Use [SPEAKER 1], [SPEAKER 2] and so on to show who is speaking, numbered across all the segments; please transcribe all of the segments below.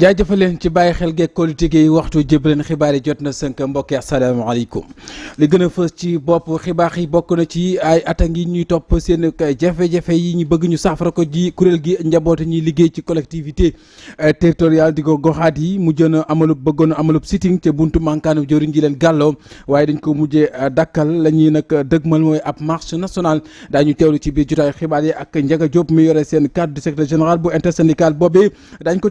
[SPEAKER 1] jaajëfal leen ci bàyyi xel geeg politique yi waxtu jëbaleen xibaar yi jot na sënk mbokk yi asalaamaaleykum li gën a fës ci bopp xibaax yi bokk na ci ay at a ngi ñuy topp seen jafe-jafe yi ñu bëgg ñu saafara ko ji kuréel gi njaboote ñuy liggéey ci collectivité eh, territoriale di ko goxaat yi mujjoon a amalu bëggoon amalu amalub sitting ca buntu mankaanu jëriñ ji leen gàlloo waaye dañ ko mujjee eh, dakkal la ñuy nag dëgmal mooy ab marche nationale daañu teewlu ci biir jotaay xibaar yi ak Ndiaga Diop mi yore seen cadre du secrétaire général bu intersyndical boobee dañ ko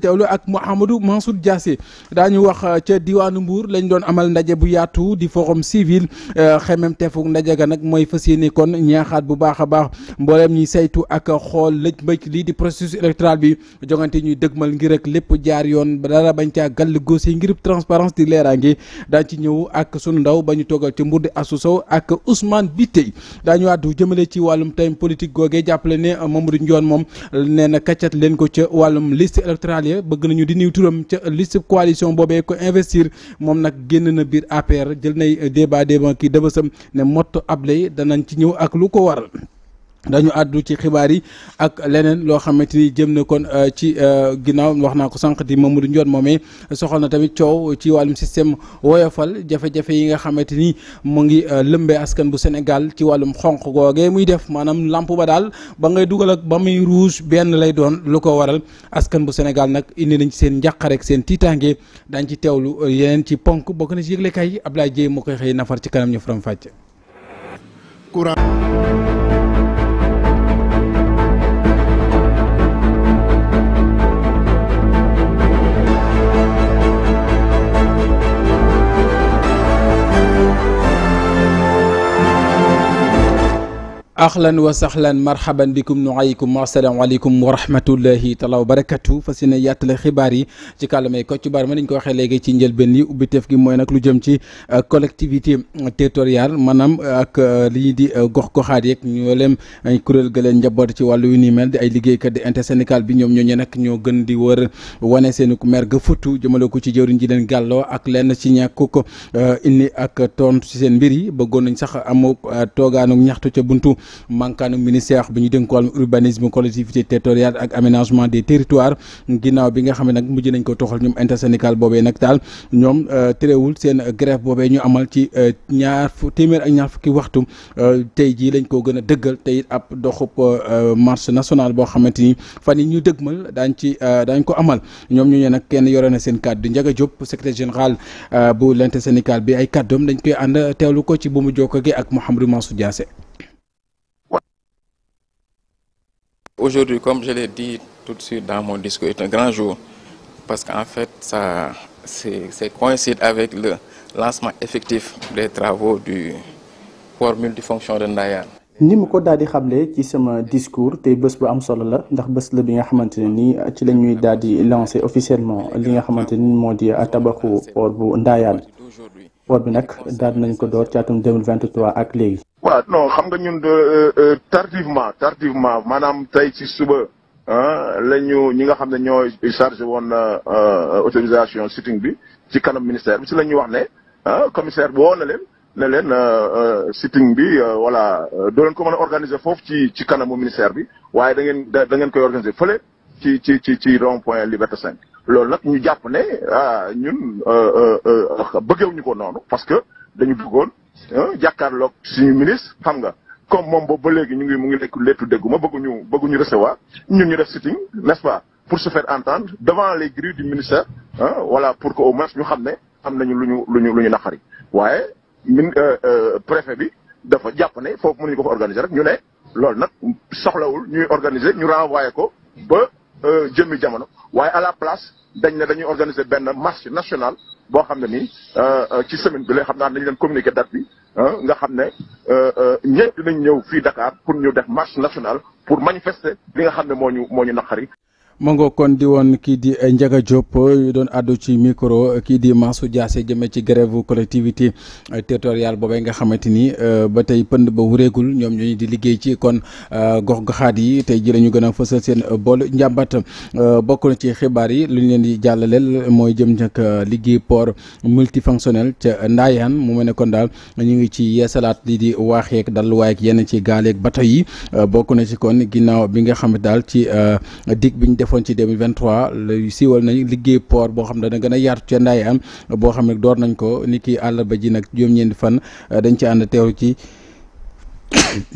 [SPEAKER 1] Amadou Mansour Diassé dañu wax uh, ci diwanu Mbour lañ doon amal ndaje bu yaatu di forum civil uh, xemem tefuk ndaje ga nak moy fassiyene kon ñaaxat bu baaxa baax mbolem ñi saytu ak xol lecc li di processus électoral bi jogante ñuy deggmal ngir ak lepp jaar yoon dara bañ caa gàll góose ngir transparence di leeraange daañ ci ñëw ak suñu ndaw bañu togal ci Mbour di Assou ak Ousmane Bitey dañu àddu jëmele ci walum time politique goge jàppale ne Mamadou Ndione mom nee na kaccat ko ci walum liste électorale ya, bëgg nañu di yiw turam ca liste coalition boobee ko investir moom nag génn na biir APR jël nay débat débat kii dëbësam ne mott ablay danañ ci ñëw ak lu ko waral dañu àddu ci xibaar yi ak leneen loo xamante ni jëm na kon euh, ci euh, ginnaaw wax naa ko sànq di Mamadou Ndione moomee soxal na tamit coow ci wàllum système woyofal jafe-jafe yi nga xamante ni mu ngi euh, lëmbee askan bu Sénégal ci wàllum xonq googee muy def maanaam làmp ba daal ba ngay dugal ak ba muy rouge benn lay doon lu ko waral askan bu Sénégal nag indi nañ ci seen njàqare ak seen tiitaange dañ ci teewlu yeneen ci ponk bokk na ci yëglekaay Abdoulaye Dieye moo koy xëy nafar ci kanam ñu faram fàcce courant ahlan wa sahlan marhaban bikum nuaykum asalaamaaleykum wa rahmatullahi taala wa barakatu fas yéene yàttale xibaar yi ci kàlla may Kocc Barma ni ñu ko waxee léegi ci njëlbeen yi ubbiteef gi mooy nag lu jëm ci collectivité territoriale maanaam ak li ñuy di gox goxaat yeeg ñoo leem kuréel ga leen njaboot ci wàllu yu ni mel di ay liggéeykat di intersyndical bi ñoom ñooñu nag ñoo gën di wër wane seen mer ga futtu jëmale ko ci jëwriñ ji leen gàlloo ak lenn ci ñàkku ko indi ak tontu ci seen mbir yi bëggoon nañ sax amu toogaanu ñaxtu ca buntu mankaanu ministère bi ñu dénk wàllum urbanisme collectivité territoriale ak aménagement des territoires ginnaaw bi nga xamee nag mujj nañ ko toxal ñoom intersyndical boobee nag daal ñoom euh, terewul seen grève boobee ñu amal ci euh, ñaar fu téeméer ak fukki waxtu euh, tey jii lañ ko gën a dëggal tey ab doxub marche nationale boo xamante ni fan yi ñu dëggmal daañ ci daañ ko amal ñoom ñu ne nag kenn yore na seen kàddu Ndiaga Diop secrétaire général bu l'intersyndical bi ay kàddoom dañ koy ànd teewlu ko ci bu mu jokko gi ak Mouhamadou Mansour Diassé Aujourd'hui, comme je l'ai dit tout de suite dans mon discours, est un grand jour parce qu'en fait, ça, c'est coïncide avec le lancement effectif des travaux du port multifonction de Ndayane.
[SPEAKER 2] ni mu ko daal ci sama discours té bëss bu am solo la ndax bëss la bi nga ne ci ñuy lancer officiellement li nga xamante modi moo port bu woor bi nag daal nañ ko door ci atum 2023 ak léegi.
[SPEAKER 3] waa non xam nga ñun de euh, euh, tardivement tardivement maanaam tey ci suba la ñu ñi nga xam ne ñoo chargé woon euh, autorisation sitting bi ci kanam ministère bi si la ñuy wax ne commissaire bi woo ne leen ne leen sitting bi voilà doo leen ko mën organiser foofu ci ci kanamu ministère bi waaye da ngeen da ngeen koy organiser fële ci ci ci ci rond point Liberté 5. loolu nak ñu japp né ah ñun euh euh, euh bëggewuñu ñuko nonu parce que dañu bëggoon hein, jàkkaarloog suñu ministre xam nga comme mom bo ba légui ñu ngi mu ngi lekk lettu dégguma bëgguñu bëgguñu recevoir ñun ñu def sitting n'est-ce pas pour se faire entendre devant les grilles du ministère hein, voilà pour que au moins ñu xamné am nañu luñu luñu luñu naxari waye ñu naqari euh, euh préfet bi dafa japp né fofu mënuñu ko fa organiser rek ñu né loolu nak soxlawul ñuy organiser ñu renvoyer ko ba. Euh, jëmmi jamono waaye à la place dañ ne dañuy organiser benn marché nationale boo xam ne nii euh, euh, ci semaine bi lay xam naa dañu leen communiquer date nga xam ne ñëpp nañ ñëw fii Dakar pour ñu def marché nationale pour manifester li nga xam ne moo ñu moo ñu naqari
[SPEAKER 1] ma ngoo kon di woon kii di Ndiaga Diop doon àddu ci micro kii di Mansour Diassé jëmee ci grève collectivité euh, territoriale boobee nga xamante ni euh, ba tey pënd ba wureegul ñoom ñooñu di liggéey ci kon euh, gox goxaat yi tey ji la ñu gën a fësal seen bool njàmbat bokk na ci xibaar yi lu ñu leen di jàllaleel mooy jëm nag liggéey port multifonctionnel ca ndaayaan mu mel ne kon daal ñu ngi ci yeesalaat li di waaxeeg dalluwaay ak yenn ci gaaleeg bato yi bokk na ci kon ginnaaw bi nga xam daal ci dig defoon 2023 le siiwal nañ liggéey port boo xam ne dana gën a yaatu ca ndaay am boo xam ne door nañ ko ni ki àllarba ji nag fan dañ ci ànd teeru ci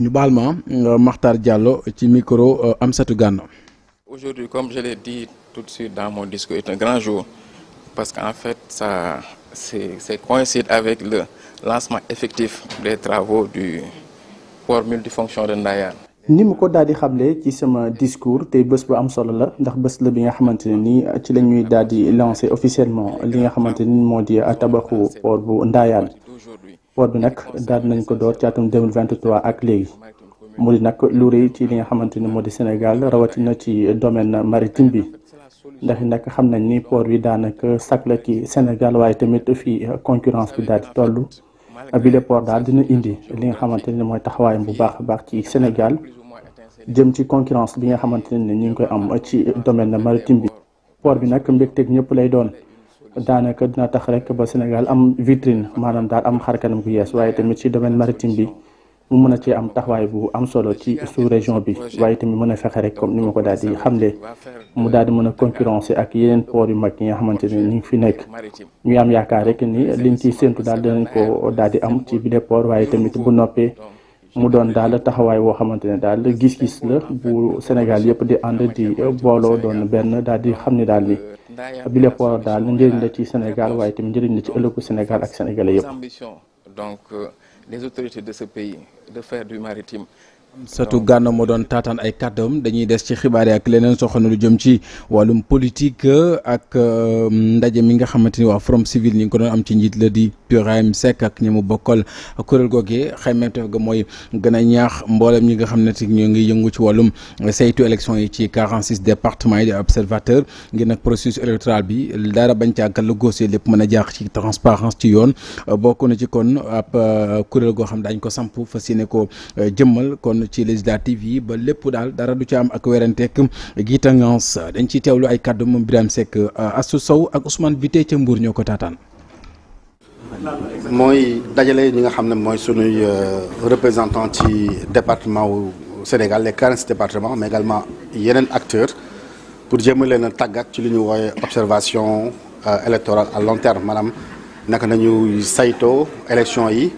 [SPEAKER 1] ñu Diallo ci micro euh, Amsatou Gano. Aujourd'hui, comme je l'ai dit tout de suite dans mon discours, est un grand jour parce qu'en fait, ça, c'est coïncide avec le lancement effectif des travaux du port multifonction de Ndayane.
[SPEAKER 2] ni mu ko daal di xamle ci sama discours tey bés bu am solo la ndax bés la bi nga xamante ne nii ci la ñuy daal di lancer officiellement li nga xamante ni moo di tabaxu port bu Ndayane port bi nag daal nañ ko door ci vingt trois ak léegi mu di nag lu rëy ci li nga xamante ni moo di Sénégal rawatina ci domaine maritime bi ndax nag xam nañ ni port bi daanaka sakla ci Sénégal waaye tamit fii concurrence bi daal di toll. bi de port daal dina indi li nga xamante ne mooy taxawaayam bu baax a baax ci Sénégal jëm ci concurrence bi nga xamante ne ñu ngi koy am ci domaine maritime bi. poor bi nag mbégteeg ñëpp lay doon daanaka dina tax rek ba Sénégal am vitrine maanaam daal am xarkanam bu yees waaye tamit ci domaine maritime bi. mu mën a cee am taxawaay bu am solo ci sous région bi waaye tamit mën a fexe rek comme ni ma ko daal di xamle mu daal di mën a concurrencer ak yeneen port yu mag yi nga xamante ne ñu ngi fi nekk ñu am yaakaar rek ni liñ ciy séntu daal dinañ ko daal di am ci bile port waaye tamit bu noppee mu doon daal taxawaay woo xamante ne daal gis-gis la bu Sénégal yëpp di ànd di booloo doon benn daal di xam ne daal ni bile port daal njëriñ la ci Sénégal waaye tamit njëriñ la ci ëllëgu Sénégal ak sénégalais yëpp.
[SPEAKER 1] donc euh, les autorités de ce pays de faire du maritime.
[SPEAKER 2] Satou gànn moo
[SPEAKER 1] doon taataan ay kàddoom dañuy dess ci xibaar ak leneen soxna lu jëm ci walum politique ak euh, ndaje mi nga xamanteni wa Civil ñi am ci njiit la di. Birahim Seck ak ñi mu bokkal kuréel googee xaymeetef ga mooy gën a ñaax mboolem ñi nga xam ne si ñoo ngi yëngu ci wàllum saytu élection yi ci 46 départements yi di observateur ngir nag processus électoral bi dara bañ ca àggal lu góosee lépp mën a jaax ci transparence ci yoon bokk na ci kon ab euh, kuréel goo xam daañ ko samp fas yéene ko euh, jëmmal kon ci législative yi ba lépp daal dara du ci am ak weranteek giitangance dañ ci teewlu ay kàddu moom Birahim Seck euh, Assou Sow ak Ousmane Bité ca Mbour ñoo ko taataan
[SPEAKER 4] Je dajale ñi euh, représentant du département au Sénégal les 40 départements mais également yenen acteurs pour nous faire une ci li ñu observation euh, électorale à long terme Madame, nous nañu sayto élection yi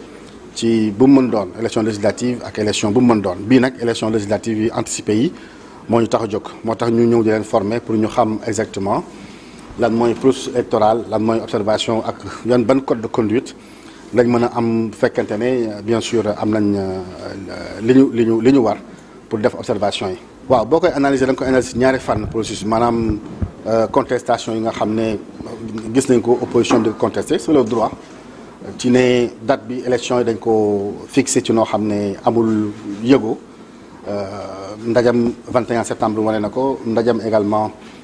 [SPEAKER 4] ci bu mën élection législative ak élection bu mën législative anticipée yi moo ñu tax nous mo tax ñu pour ñu xam exactement la moins plus électorale, la observation ak yon ban code de conduite am bien sûr am nañ euh, pour def observation yi. waaw analyser processus euh, contestation yi nga gis opposition de contester sur le droit ci ne date bi élection ko fixé amul 21 euh, septembre wane également.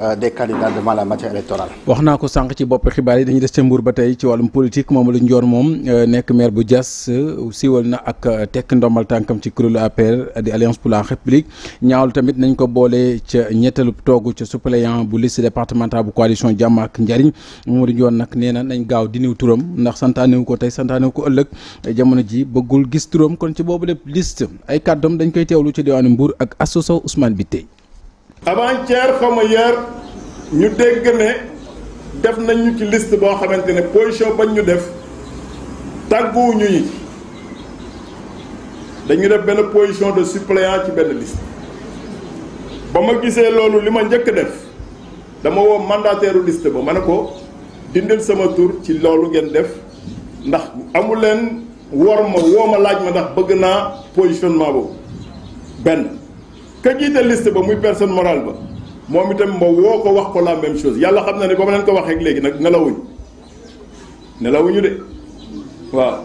[SPEAKER 4] Euh, des candidats devant la matière électorale.
[SPEAKER 1] wax naa ko sànq ci bopp xibaar yi dañuy des ca Mbour ba tey ci wàllum politique moom la Ndior moom euh, nekk maire bu Diass euh, siiwal na ak tekki ndombal tànkam ci kuréelu APR di alliance pour la république ñaawlu tamit nañ ko boole ca ñetteelu toogu ca suppléant bu liste départementale bu coalition jàmm ak njariñ moom Mamadou Ndior nag nee na nañ gaaw diniw turam ndax santaanewu ko tey santaanewu ko ëllëg jamono ji bëggul gis turam kon ci boobu lépp list ay kàddoom dañ koy teewlu ci diwaanu Mbour ak asso Ousmane Biteye
[SPEAKER 5] avant-hier xaw ma hier ñu dégg ne def nañu ci list boo xamante ne position ba ñu def tàgguwuñu ñu ci dañu def benn position de suppléant ci benn liste ba ma gisee loolu li ma njëkk def dama woo mandataire liste ba ma ne ko dindil sama tur ci loolu ngeen def ndax amu leen wor ma woo ma laaj ma ndax bëgg naa positionnement boobu benn ka jiite liste ba muy personne morale ba moom itam ma woo ko wax ko la même chose yàlla xam na ne ba ma leen ko waxee léegi nag nelawuñ nelawuñu de waaw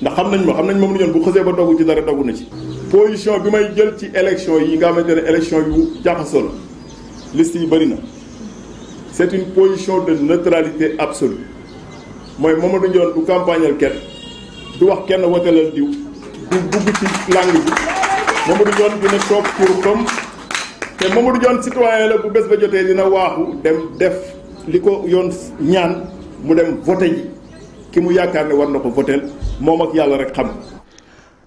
[SPEAKER 5] ndax xam nañ ma xam nañ moom la ñu bu xësee ba dogu ci dara dogu na ci. position bi may jël ci élection yi nga xamante ne élection yu jaxasoo la liste yi bëri na c'est une position de neutralité absolue mooy Mamadou Ndione du campagnal kenn du wax kenn woteelal diw du dugg ci langue bi. Mamadou Dione dina toog pour comme te Mamadou Dione citoyen la bu bés ba jotee dina waaxu dem def li ko yoon ñaan mu dem voté ji ki mu yaakaar ne war na ko voté moom ak yàlla rek xam.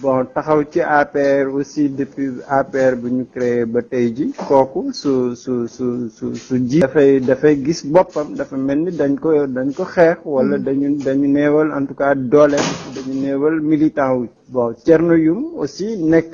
[SPEAKER 6] bon taxaw ci APR aussi depuis APR bu ñu créé ba tey ji kooku su su su su su ji dafay dafay gis boppam dafa mel ni dañ ko dañ ko xeex wala mm-hmm. dañu dañu néewal en tout cas doole dañu néewal militant wu bon Thierno Youm aussi nekk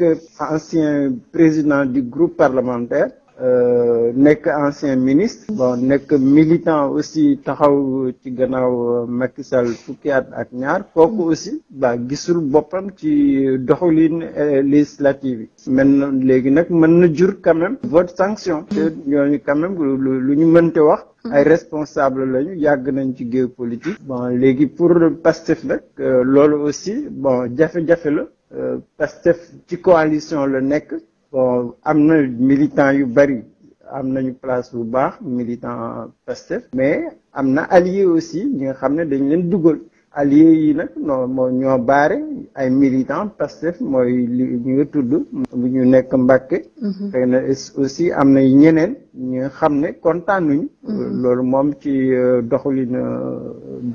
[SPEAKER 6] ancien président du groupe parlementaire Euh, nekk ancien ministre bon nekk militant aussi taxaw ci gannaaw euh, Macky Sall fukiat ak ñaar kooku mm. aussi ba gisul bopam ci doxalin euh, législative men maintenant nak nag na jur quand même vote sanction mm. ñoo ñu quand même lu ñu mënte wax mm. ay responsable lañu yag nañ ci géopolitique bon léegi pour Pastef nak lolu aussi bon jafé jafé la Pastef ci coalition le nekk bon am militant yu bari am nañu place bu baax militant mais am allié aussi ñi nga xam ne dañ leen dugal allié yi nag non ñoo ay militant Pastef ñu ñu nekk mhm. aussi ñu xam ne kontaanuñ. Mm-hmm. loolu moom ci euh, doxalin euh,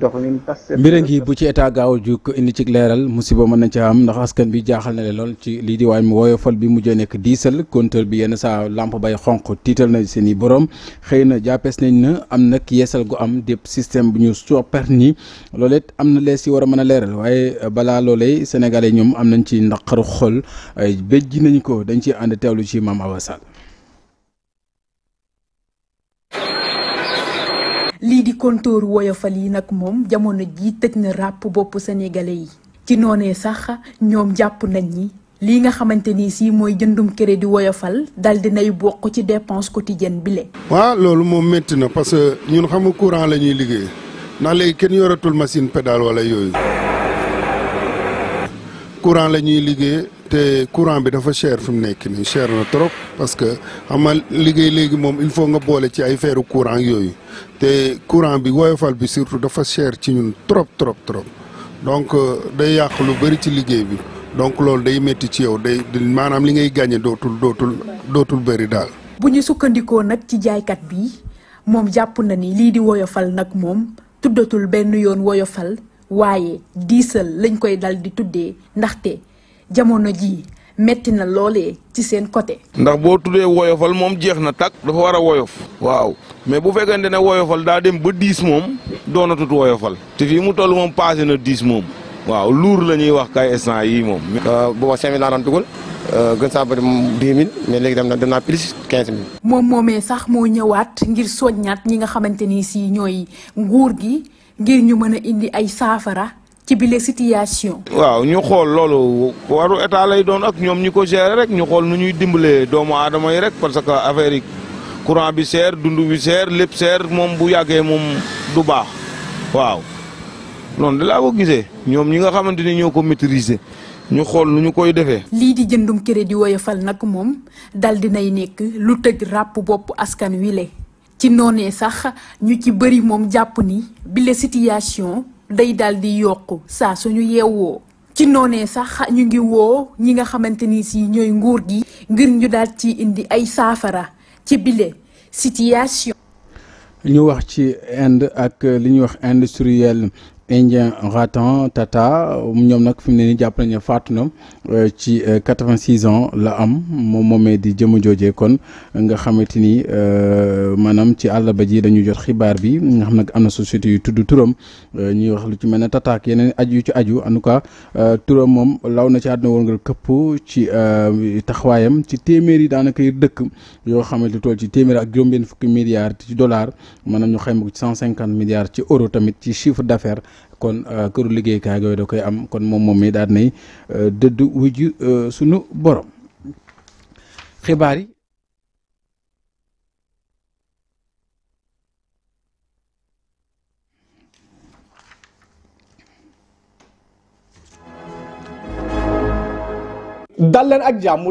[SPEAKER 6] doxalin tas. mbir ngi bu
[SPEAKER 1] ci état gaaw juk indi ci leeral musiba mën nañ ci am ndax askan bi jaaxal na leen lool ci lii di waañ mu fol bi mujjee nekk diisal compteur bi yenn saa lamp bay xonq tiital nañ seen i borom xëy na jàppees nañ na am nag yeesal gu am dépp système bu ñu soppeer nii loolu it am na lees yi war a mën a leeral waaye balaa loolee sénégalais ñoom am nañ ci ndaqaru xol béjji nañ ko dañ ci ànd teewlu ci Mame Awa
[SPEAKER 7] lii di kontóoru woyofal yi nag moom jamono ji tëj na ràpp boppu sénégalais yi ci noonee sax ñoom jàpp nañ ni lii nga xamante ni sii mooy jëndum crédit woyofal dal di nay bokk ci dépense quotidienne bi le
[SPEAKER 4] waaw loolu moom métti na parce que ñun xamu courant la ñuy liggéey ndax léegi kenn yoratul machine pédale wala yooyu courant la ñuy liggéey te courant bi dafa cher fi mu nekk nii cher na trop parce que xam liggéey léegi moom il faut nga boole ci ay feeru courant yooyu te courant bi woyofal bi surtout dafa cher ci ñun trop trop trop donc euh, day yàq lu bëri ci liggéey bi donc loolu day métti ci yow day maanaam li ngay gàññe dootul dootul dootul bëri daal.
[SPEAKER 7] bu ñu sukkandikoo nag ci jaaykat bi moom jàpp na ni lii di woyofal nag moom tuddatul benn yoon woyofal. waaye diisal lañ koy dal di tuddee ndaxte jamono ji metti na loolee ci seen côté.
[SPEAKER 1] ndax boo tuddee woyofal moom jeex na tàkk dafa war a woyof. waaw mais bu fekkante ne woyofal daa dem ba diis moom doonatut woyofal te fii mu toll moom passé na diis moom. waaw luur la wax kay instant yii moom. Euh, booba 5000 laa daan dugal euh, gën saa bëri mais léegi dem na dem naa plus 15000.
[SPEAKER 7] moom moomee sax moo ñëwaat ngir soññaat ñi nga xamante ni si ñooy nguur gi. ngir ñu mën a indi ay saafara ci bile situation.
[SPEAKER 1] waaw ñu xool loolu waru état lay doon ak ñoom ñi ko gérer rek ñu xool nu ñuy dimbalee doomu aadama yi rek parce que affaire yi courant bi seer dund bi seer lépp seer moom bu yàggee moom du baax waaw noonu da laa ko gisee ñoom ñi nga xamante ni ñoo ko maîtriser ñu xool nu ñu koy defee.
[SPEAKER 7] lii di jëndum crédit woyofal nag moom dal dinay nekk lu tëj ràpp bopp askan wi le ci noonee sax ñu ci bëri moom jàpp ni bile situation day daal di yokku saa suñu yeewoo ci noonee sax ñu ngi woo ñi nga xamante ni si ñooy nguur gi ngir ñu daal ci indi ay saafara ci bile situation.
[SPEAKER 1] ñu wax ci Inde ak li ñuy wax industriel indien Ratan Tata ñoom nag fi mu ne nii jàpp nañu ne faatu na euh, ci 86 euh, ans la am moom moomee di jëmu joojee kon nga xamante ni euh, maanaam ci àll ba ji dañu jot xibaar bi nga xam nag am na société yu tudd turam ñuy wax lu ci mel ne Tata yeneen aju yu ci aju en tout cas turam moom law na ci àdduna woon nga këpp ci taxawaayam ci téeméer yi daanaka yi dëkk yoo xamante lu toll ci téeméer ak juróom-benn fukki milliards ci dollars maanaam ñu xayma ko ci 150 milliards ci euro tamit ci chiffre d'affaires kon euh, këru liggéeykaay yooyu da koy am kon moom moom mi daal nay euh, dëdd wujju euh, sunu borom xibaar yi
[SPEAKER 2] dal ak jàmm